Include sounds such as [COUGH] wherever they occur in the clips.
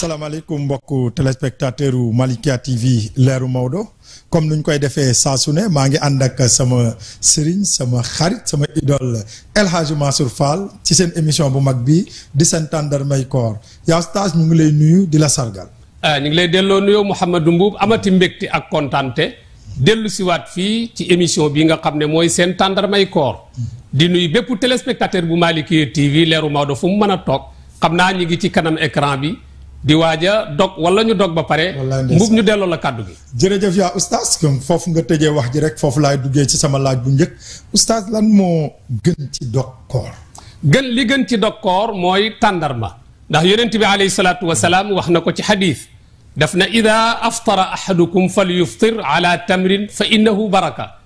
salaamaaleykum mbokk téléspectateur u Malikia TV leeru Maodo comme nuñ koy defee saa su ne maa ngi ànd ak sama sëriñ sama xarit sama idole El Hadji Mansour ci seen émission bu mag bi di seen tàndarmay koor yaa stage ñu ngi lay nuyu di la sargal ah ñu ngi lay delloo nuyoo Mouhamadou Mbuub amati mbégte ak kontante dellu siwaat fii ci émission bi nga xam ne mooy seen tàndarmay koor di nuyu bépp téléspectateur bu Malikia TV leeru Maodo fu mu mën a toog xam naa ñu ngi ci kanam écran bi di waaja a dog wala ñu dog ba pare. mbub ñu delloo la kàddu gi. jërëjëf yaa oustaz comme foofu nga tëjee wax ji rek foofu laay duggee ci sama laaj bu njëkk oustaz lan moo gën ci dog koor. gën li gën ci dog koor mooy tàndarma ndax yonent bi alayhi salaatu wa salaam wax na ko ci xadiis def na ida aftara ahadukum fal yuftir ala tamrin fa innahu baraka.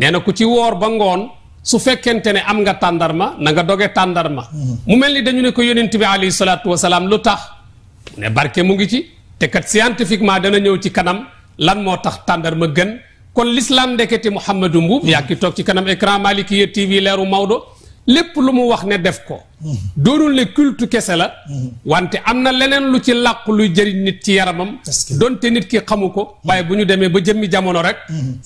nee na ku ci woor ba ngoon su fekkente ne am nga tàndarma na nga doge tàndarma. Mm-hmm. mu mel ni dañu ne ko yonent bi alayhi lu tax. ne barke mu ngi ci te kat scientifiquement dana ñëw ci kanam lan moo tax ma gën kon l'islam ndekete Mouhamadou Mbuub yaa ngi toog ci kanam écran Malikiya TV leeru Maodo lépp lu mu wax ne def ko doonul ne culte kese la wante am na leneen lu ci làqu luy jëriñ nit ci yaramam donte nit ki xamu ko waaye bu ñu demee ba jëmmi jamono rek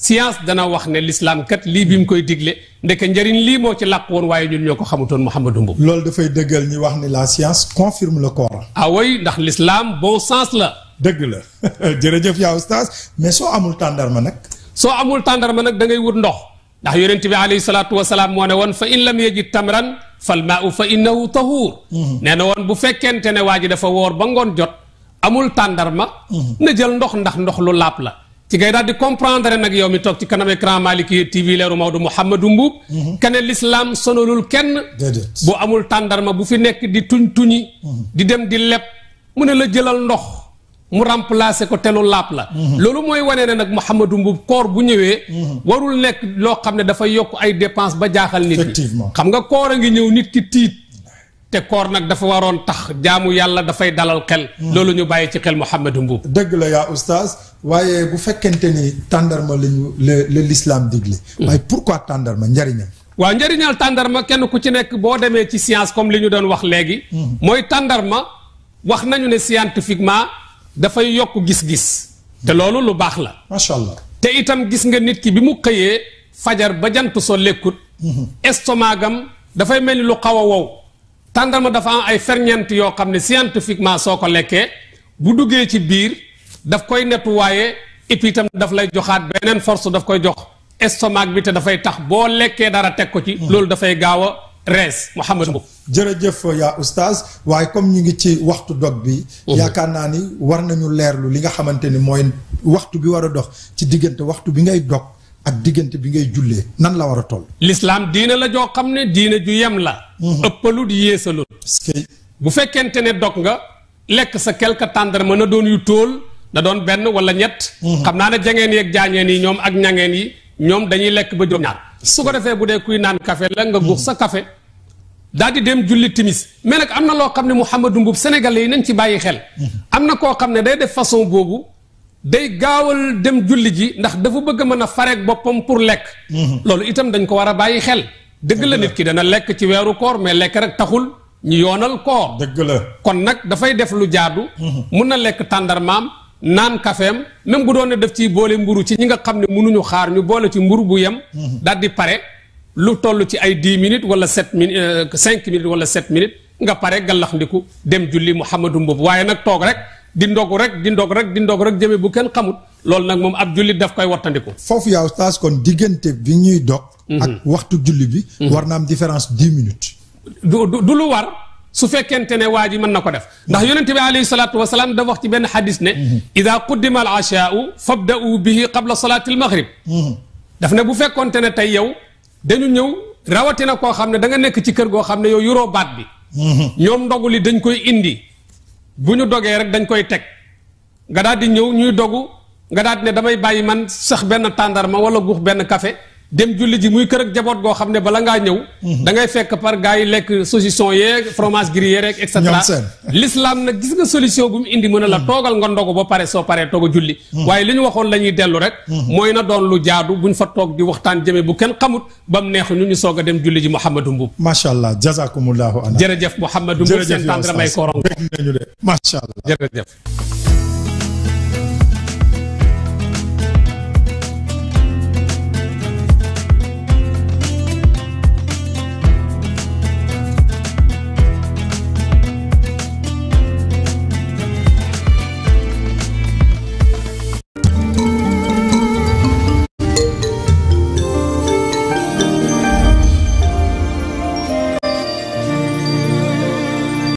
science dana wax ne lislaam kat lii bi mu koy digle ndeke njëriñ lii moo ci làq woon waaye ñun ñoo ko xamutoon Mouhamadou Mbow loolu dafay dëggal ñu wax ni la science confirme le Coran ah ndax lislaam boo sens la dëgg la [LAUGHS] jërëjëf yaa oustaz mais soo amul tàndarma nag soo amul tàndarma nag da wut ndox ndax yonent bi alayhi salaatu wasalaam moo ne woon fa in lam yajid tamran fal maau fa innahu tahuur mhm. nee na woon bu fekkente ne waa ji dafa woor ba ngoon jot amul tàndarma mhm. na jël ndox ndax ndox lu laap la ci ngay daal di comprendre nag yow mi toog ci kanam écran Maliki TV leeru Maodo Mouhamadou Mbuub mhm. kene l'islam sonalul kenn bu amul tàndarma bu fi nekk di tuñ tuñi di dem di leb mu ne la jëlal ndox mu remplacer ko telu laap la mhm. loolu mooy wanee ne nag Mouhamadou Mbuub koor bu ñëwee mhm. warul nekk loo xam ne dafay yokk ay dépense ba jaaxal nit ki xam nga koor a ngi ñëw nit ki tiit te koor nag dafa waroon tax jaamu yàlla dafay dalal xel mhm. loolu ñu bàyyi ci xel Mouhamadou Mbuub dëgg la yaa oustaz waaye bu fekkente ni tàndarma lañu la la l'islam digle waaye pourquoi tàndarma njariñam waaw njëriñal tàndarma kenn ku ci nekk boo demee ci science comme li ñu doon wax léegi mooy tàndarma wax nañu ne scientifiquement dafay yokk gis-gis te loolu lu baax la macha te itam gis nga nit ki bi mu xëyee fajar ba jant soo lekkut mhm. estomagam dafay mel ni lu xaw a wow tàndarma dafa am ay ferñeent yoo xam ne scientifiquement soo ko lekkee bu duggee ci biir daf koy nettuwaaye et puis itam daf lay joxaat beneen force daf koy jox estomac bi te dafay tax boo lekkee dara teg ko ci mhm. loolu dafay gaaw a rees Mouhamed Mboup jërëjëf yaa oustaz waaye comme ñu ngi ci waxtu dog bi mhm. yaakaar naa ni war nañu leerlu li nga xamante ni mooy waxtu bi war a dox ci diggante waxtu bi ngay dog ak diggante bi ngay jullee nan la war a toll lislaam diina la joo xam ne diina ju yem la mhm. ëppalut yéesalut bu fekkente ne dog nga lekk sa quelque tàndarma na doon yu tool na doon benn wala ñett mhm. xam naa ne jangeen yi ak jaañeen yi ñoom ak ñangeen yi ñoom dañuy lekk ba juróom su ko defee bu dee kuy naan kafe la nga guux sa kafe daal di dem julli timis mais nag am na loo xam ne Mouhamadou Mboub sénégalais yi nañ ci bàyyi xel am na koo xam ne day def façon boobu day gaawal dem julli ji ndax dafa bëgg a mën a fareeg boppam pour lekk mhm. loolu itam dañ ko war a bàyyi xel dëgg la nit ki dana lekk ci weeru koor mais lekk rek taxul ñu yoonal koor dëgg la kon nag dafay def lu jaadu mhm. mun na lekk tàndarmaam naan kafeem même bu doon ne def ci boole mburu ci ñi nga xam ne mënuñu xaar ñu boole ci mburu bu yem mhm. daal di pare lu toll ci ay dix minutes wala sept minutes euh, cinq minutes wala sept minutes nga pare gallax ndiku dem julli Muhammadu Mbuub waaye nag toog rek di ndog rek di ndog rek di ndog rek jëme bu kenn xamut loolu nag moom ab julli daf koy wattandiku foofu yaa oustaz kon diggante bi ñuy dog mhm. ak waxtu julli bi mhm. war na am différence dix minutes du du lu war su fekkente ne waa ji mën na ko def ndax yonente bi alayhi salaatu wasalaam dafa wax ci benn xadis ne ida quddima al ashaau fabda'u bihi qabla salaati al maghrib daf ne bu fekkonte ne tey yow dañu ñëw rawatina koo xam ne da nga nekk ci kër goo xam ne yow yuroo baat bi ñoom ndogu li dañ koy indi bu ñu dogee rek dañ koy teg nga daal di ñëw ñuy dogu nga daal di ne damay bàyyi man sax benn tàndarma wala guux benn kafe dem julli ji muy kër ak jaboot goo xam ne bala ngaa ñëw mhm. da ngay fekk par gars yi lekk saucisson yeeg fromage gruyère yeeg et cetera l'islam nag gis nga solution bu mu indi mën a la mhm. toogal nga ndogu ba pare soo paree toog a julli mhm. waaye li ñu waxoon la ñuy dellu rek mooy na doon lu jaadu buñ fa toog di waxtaan jëme bu kenn xamut ba mu neex ñu ñu soog a dem julli ji Mouhamadou Mboub macha allah jazakumullahu ana jërëjëf Mouhamadou Mboub seen tendre may koorong nañu de macha allah jërëjëf